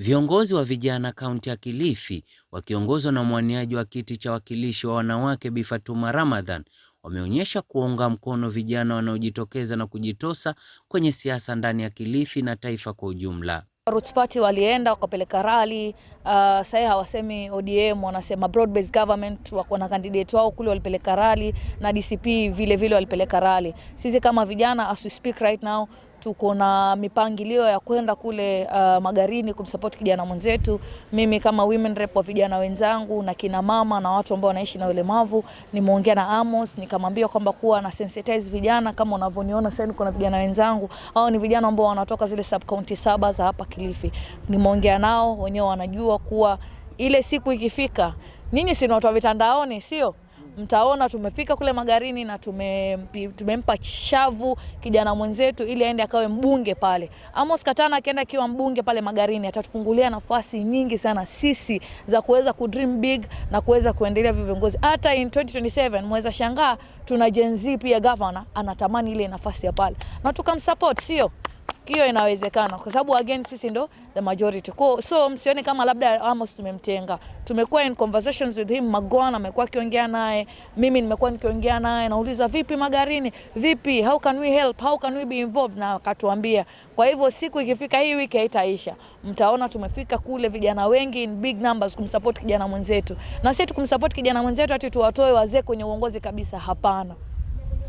Viongozi wa vijana kaunti ya Kilifi wakiongozwa na mwaniaji wa kiti cha wakilishi wa wanawake Bi Fatuma Ramadhan wameonyesha kuunga mkono vijana wanaojitokeza na kujitosa kwenye siasa ndani ya Kilifi na taifa kwa ujumla. Roots Party walienda wakapeleka rally. Uh, sasa hawasemi ODM, wanasema broad based government. Wako na candidate wao kule, walipeleka rally na DCP vile vile walipeleka rally. Sisi kama vijana as we speak right now tuko na mipangilio ya kwenda kule uh, Magarini kumsupport kijana mwenzetu. Mimi kama women rep wa vijana wenzangu na kina mama na watu ambao wanaishi na ulemavu, nimeongea na Amos nikamwambia kwamba kuwa na sensitize vijana kama unavyoniona sasa, kuna vijana wenzangu au ni vijana ambao wanatoka zile sub county saba za hapa Kilifi. Nimeongea nao wenyewe, wanajua kuwa ile siku ikifika, ninyi si watu wa mitandaoni, sio mtaona tumefika kule Magarini na tume, tumempa shavu kijana mwenzetu ili aende akawe mbunge pale. Amos Katana akienda akiwa mbunge pale Magarini atatufungulia nafasi nyingi sana sisi za kuweza ku dream big na kuweza kuendelea viongozi. Hata in 2027 mweza shangaa tuna Gen Z pia governor anatamani ile nafasi ya pale na tukamsupport, sio? hiyo inawezekana kwa sababu again sisi ndo the majority. Kwa so msione kama labda Amos tumemtenga. Tumekuwa in conversations with him, Magwana amekuwa akiongea naye, mimi nimekuwa nikiongea naye, nauliza vipi magarini, vipi, how can we help, how can we be involved, na akatuambia. Kwa hivyo siku ikifika hii wiki haitaisha, mtaona tumefika kule vijana wengi in big numbers kumsupport kijana mwenzetu, na sisi tukumsupport kijana mwenzetu hata tuwatoe wazee kwenye uongozi kabisa, hapana.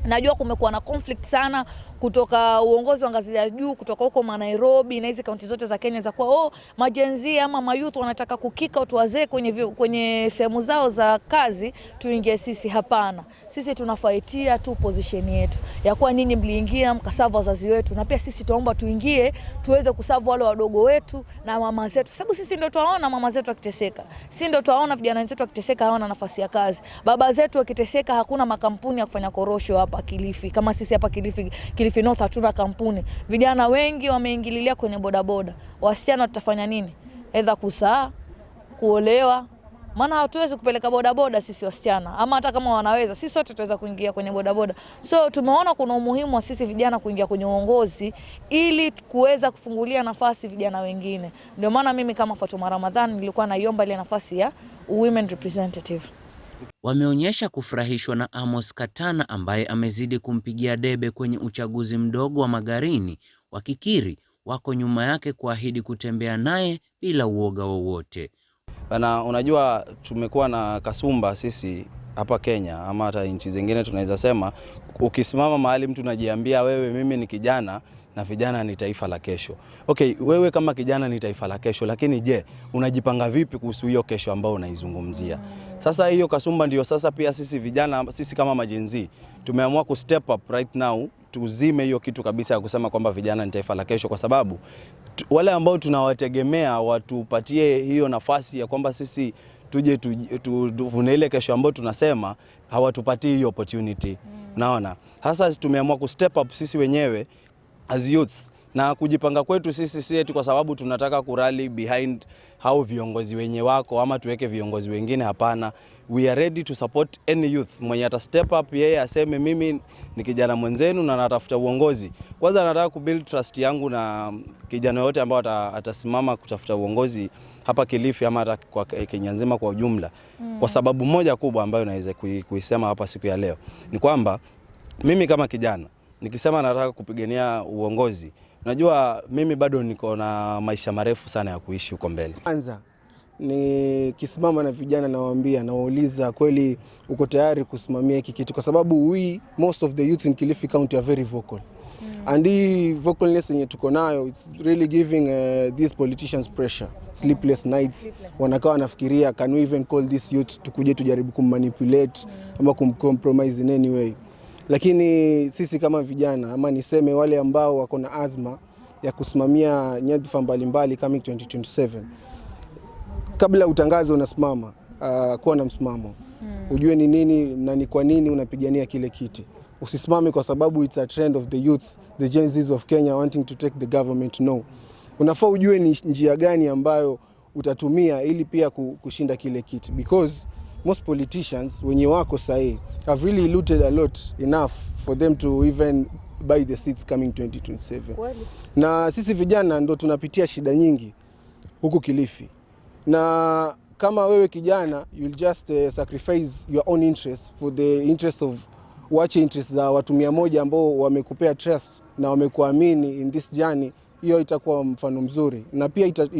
Najua kumekuwa na conflict sana kutoka uongozi wa ngazi ya juu kutoka huko Nairobi na hizi kaunti zote za Kenya za kuwa oh, majenzi ama mayouth wanataka kukika watu wazee kwenye, kwenye sehemu zao za kazi tuingie sisi. Hapana, sisi tunafaitia tu position yetu ya kuwa nyinyi mliingia mkasavu wazazi wetu, na pia sisi tuomba tuingie tuweze kusavu wale wadogo wetu na mama zetu, sababu sisi ndio tuwaona mama zetu akiteseka, sisi ndio tuwaona vijana wetu akiteseka, hawana nafasi ya kazi, baba zetu akiteseka, hakuna makampuni ya kufanya korosho hapa hapa Kilifi. Kama sisi hapa Kilifi, Kilifi North hatuna kampuni, vijana wengi wameingililia kwenye bodaboda. Wasichana tutafanya nini? Aidha kusaa, kuolewa maana hatuwezi kupeleka bodaboda sisi wasichana, ama hata kama wanaweza, sisi sote tutaweza kuingia kwenye bodaboda. So tumeona kuna umuhimu wa sisi vijana kuingia kwenye uongozi ili kuweza kufungulia nafasi vijana wengine. Ndio maana mimi kama Fatuma Ramadhan nilikuwa naiomba ile nafasi ya women representative wameonyesha kufurahishwa na Amos Katana ambaye amezidi kumpigia debe kwenye uchaguzi mdogo wa Magarini, wakikiri wako nyuma yake kuahidi kutembea naye bila uoga wowote. Bana, unajua tumekuwa na kasumba sisi hapa Kenya ama hata nchi zingine, tunaweza sema ukisimama mahali mtu unajiambia wewe, mimi ni kijana na vijana ni taifa la kesho. Okay, wewe kama kijana ni taifa la kesho, lakini je, unajipanga vipi kuhusu hiyo kesho ambayo unaizungumzia? Sasa hiyo kasumba ndiyo sasa pia sisi vijana, sisi kama majenzi tumeamua ku step up right now, tuzime hiyo kitu kabisa ya kusema kwamba vijana ni taifa la kesho, kwa sababu wale ambao tunawategemea watupatie hiyo nafasi ya kwamba sisi tuje tuvune ile kesho ambayo tunasema hawatupatii hiyo opportunity. Mm. Naona sasa tumeamua ku step up sisi wenyewe as youths na kujipanga kwetu sisi si eti kwa sababu tunataka kurali behind hao viongozi wenye wako ama tuweke viongozi wengine. Hapana, we are ready to support any youth mwenye ata step up, yeye aseme mimi ni kijana mwenzenu na natafuta uongozi. Kwanza nataka build trust yangu na kijana yote ambao atasimama kutafuta uongozi hapa Kilifi ama hata kwa Kenya nzima kwa ujumla mm. Kwa sababu moja kubwa ambayo naweza kuisema hapa siku ya leo ni kwamba mimi kama kijana nikisema nataka kupigania uongozi Najua mimi bado niko na maisha marefu sana ya kuishi huko mbele. Kwanza nikisimama na vijana nawaambia, nawauliza kweli, uko tayari kusimamia hiki kitu? Kwa sababu we most of the youth in Kilifi County are very vocal mm. and hii vocalness yenye tuko nayo it's really giving uh, these politicians pressure, sleepless nights Wanakaa wanafikiria can we even call this youth, tukuje tujaribu kummanipulate mm. ama kumcompromise in any way lakini sisi kama vijana ama niseme wale ambao wako na azma ya kusimamia nyadhifa mbalimbali kama 2027, kabla utangaze unasimama, uh, kuwa na msimamo hmm. Ujue ni nini na ni kwa nini unapigania kile kiti. Usisimame kwa sababu it's a trend of the youths, the Gen Zs of Kenya wanting to take the government no. Unafaa ujue ni njia gani ambayo utatumia ili pia kushinda kile kiti because most politicians wenye wako sahi have really looted a lot enough for them to even buy the seats coming 2027. Well, na sisi vijana ndo tunapitia shida nyingi huku Kilifi, na kama wewe kijana you'll just uh, sacrifice your own interest for the interest of wache interest za watu mia moja ambao wamekupea trust na wamekuamini in this journey, hiyo itakuwa mfano mzuri na pia itatoa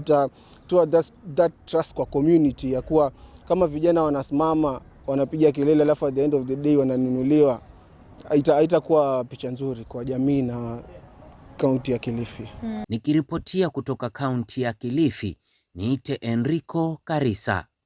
ita that, that trust kwa community ya kuwa kama vijana wanasimama wanapiga kelele, alafu at the end of the day wananunuliwa, haitakuwa picha nzuri kwa jamii na kaunti ya Kilifi. Nikiripotia kutoka kaunti ya Kilifi, niite Enrico Karisa.